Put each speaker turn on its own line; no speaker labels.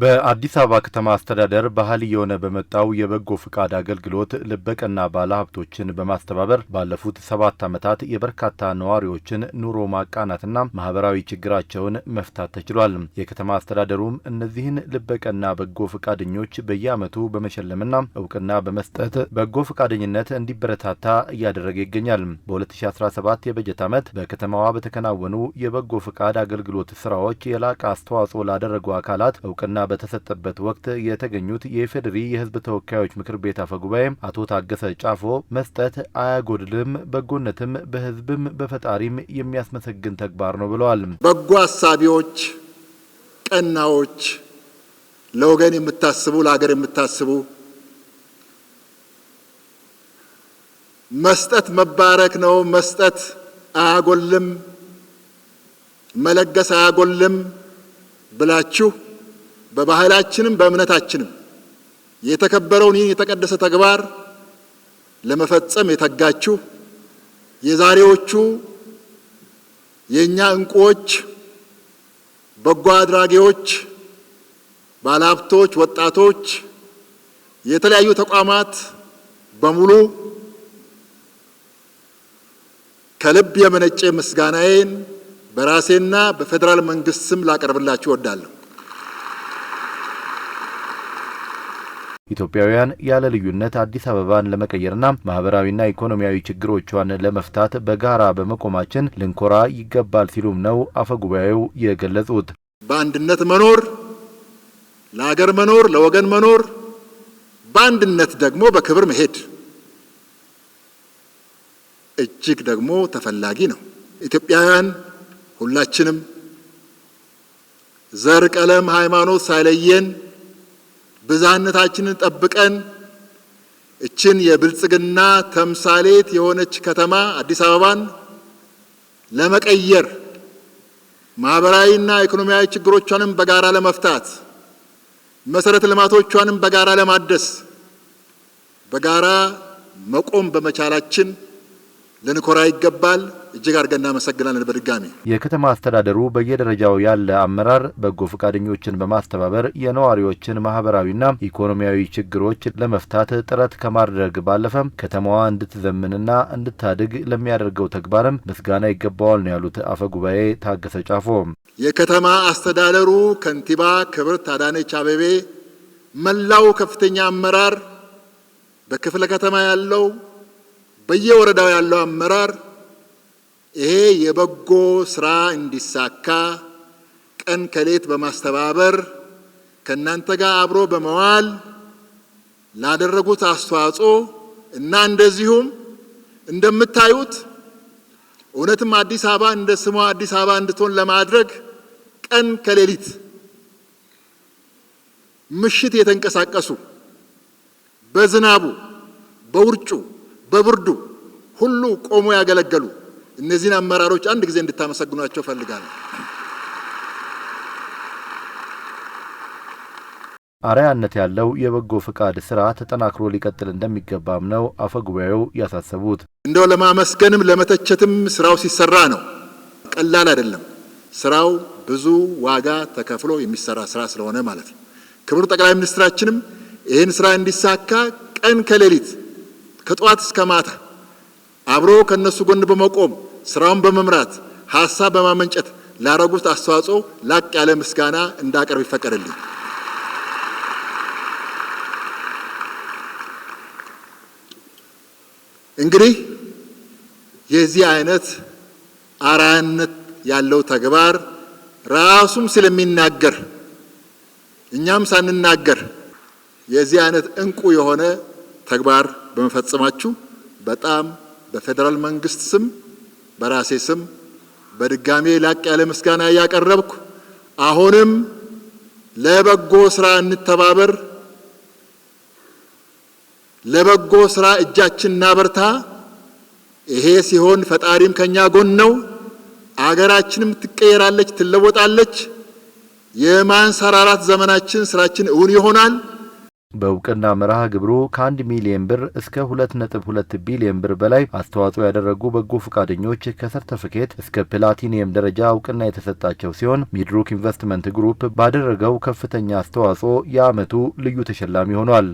በአዲስ አበባ ከተማ አስተዳደር ባህል እየሆነ በመጣው የበጎ ፍቃድ አገልግሎት ልበቀና ባለ ሀብቶችን በማስተባበር ባለፉት ሰባት ዓመታት የበርካታ ነዋሪዎችን ኑሮ ማቃናትና ማህበራዊ ችግራቸውን መፍታት ተችሏል። የከተማ አስተዳደሩም እነዚህን ልበቀና በጎ ፍቃደኞች በየዓመቱ በመሸለምና እውቅና በመስጠት በጎ ፍቃደኝነት እንዲበረታታ እያደረገ ይገኛል። በ2017 የበጀት ዓመት በከተማዋ በተከናወኑ የበጎ ፍቃድ አገልግሎት ስራዎች የላቀ አስተዋጽኦ ላደረጉ አካላት እውቅና በተሰጠበት ወቅት የተገኙት የኢፌዴሪ የህዝብ ተወካዮች ምክር ቤት አፈ ጉባኤ አቶ ታገሰ ጫፎ መስጠት አያጎድልም፣ በጎነትም በህዝብም በፈጣሪም የሚያስመሰግን ተግባር ነው ብለዋል።
በጎ አሳቢዎች፣ ቀናዎች፣ ለወገን የምታስቡ ለሀገር የምታስቡ መስጠት መባረክ ነው። መስጠት አያጎልም፣ መለገስ አያጎልም ብላችሁ በባህላችንም በእምነታችንም የተከበረውን ይህን የተቀደሰ ተግባር ለመፈጸም የተጋችሁ የዛሬዎቹ የእኛ እንቁዎች በጎ አድራጊዎች፣ ባለሀብቶች፣ ወጣቶች፣ የተለያዩ ተቋማት በሙሉ ከልብ የመነጨ ምስጋናዬን በራሴና በፌዴራል መንግስት ስም ላቀርብላችሁ እወዳለሁ።
ኢትዮጵያውያን ያለ ልዩነት አዲስ አበባን ለመቀየርና ማህበራዊና ኢኮኖሚያዊ ችግሮቿን ለመፍታት በጋራ በመቆማችን ልንኮራ ይገባል ሲሉም ነው አፈጉባኤው የገለጹት።
በአንድነት መኖር ለሀገር መኖር፣ ለወገን መኖር፣ በአንድነት ደግሞ በክብር መሄድ እጅግ ደግሞ ተፈላጊ ነው። ኢትዮጵያውያን ሁላችንም ዘር፣ ቀለም፣ ሃይማኖት ሳይለየን ብዝሃነታችንን ጠብቀን እችን የብልጽግና ተምሳሌት የሆነች ከተማ አዲስ አበባን ለመቀየር ማህበራዊና ኢኮኖሚያዊ ችግሮቿንም በጋራ ለመፍታት መሰረተ ልማቶቿንም በጋራ ለማደስ በጋራ መቆም በመቻላችን ልንኮራ ይገባል። እጅግ አድርገን እናመሰግናለን። በድጋሚ
የከተማ አስተዳደሩ በየደረጃው ያለ አመራር በጎ ፈቃደኞችን በማስተባበር የነዋሪዎችን ማህበራዊና ኢኮኖሚያዊ ችግሮች ለመፍታት ጥረት ከማድረግ ባለፈ ከተማዋ እንድትዘምንና እንድታድግ ለሚያደርገው ተግባርም ምስጋና ይገባዋል ነው ያሉት አፈ ጉባኤ ታገሰ ጫፎ።
የከተማ አስተዳደሩ ከንቲባ ክብርት አዳነች አቤቤ፣ መላው ከፍተኛ አመራር፣ በክፍለ ከተማ ያለው፣ በየወረዳው ያለው አመራር ይሄ የበጎ ስራ እንዲሳካ ቀን ከሌት በማስተባበር ከእናንተ ጋር አብሮ በመዋል ላደረጉት አስተዋጽኦ እና እንደዚሁም እንደምታዩት እውነትም አዲስ አበባ እንደ ስሟ አዲስ አበባ እንድትሆን ለማድረግ ቀን ከሌሊት ምሽት የተንቀሳቀሱ በዝናቡ፣ በውርጩ፣ በብርዱ ሁሉ ቆሞ ያገለገሉ እነዚህን አመራሮች አንድ ጊዜ እንድታመሰግኗቸው ፈልጋለሁ።
አርአያነት ያለው የበጎ ፈቃድ ስራ ተጠናክሮ ሊቀጥል እንደሚገባም ነው አፈ ጉባኤው ያሳሰቡት።
እንደው ለማመስገንም ለመተቸትም ስራው ሲሰራ ነው፣ ቀላል አይደለም። ስራው ብዙ ዋጋ ተከፍሎ የሚሰራ ስራ ስለሆነ ማለት ነው። ክቡር ጠቅላይ ሚኒስትራችንም ይህን ስራ እንዲሳካ ቀን ከሌሊት ከጠዋት እስከ ማታ አብሮ ከነሱ ጎን በመቆም ስራውን በመምራት ሀሳብ በማመንጨት ላረጉት አስተዋጽኦ ላቅ ያለ ምስጋና እንዳቀርብ ይፈቀደልኝ። እንግዲህ የዚህ አይነት አርአያነት ያለው ተግባር ራሱም ስለሚናገር እኛም ሳንናገር የዚህ አይነት እንቁ የሆነ ተግባር በመፈጸማችሁ በጣም በፌዴራል መንግስት ስም በራሴ ስም በድጋሜ ላቅ ያለ ምስጋና እያቀረብኩ አሁንም ለበጎ ስራ እንተባበር፣ ለበጎ ስራ እጃችን እናበርታ። ይሄ ሲሆን ፈጣሪም ከኛ ጎን ነው፣ አገራችንም ትቀየራለች፣ ትለወጣለች። የማንሰራራት ዘመናችን ስራችን እውን ይሆናል።
በእውቅና መርሃ ግብሩ ከአንድ ሚሊየን ብር እስከ ሁለት ነጥብ ሁለት ቢሊየን ብር በላይ አስተዋጽኦ ያደረጉ በጎ ፈቃደኞች ከሰርተፍኬት እስከ ፕላቲኒየም ደረጃ እውቅና የተሰጣቸው ሲሆን ሚድሩክ ኢንቨስትመንት ግሩፕ ባደረገው ከፍተኛ አስተዋጽኦ የዓመቱ ልዩ ተሸላሚ ሆኗል።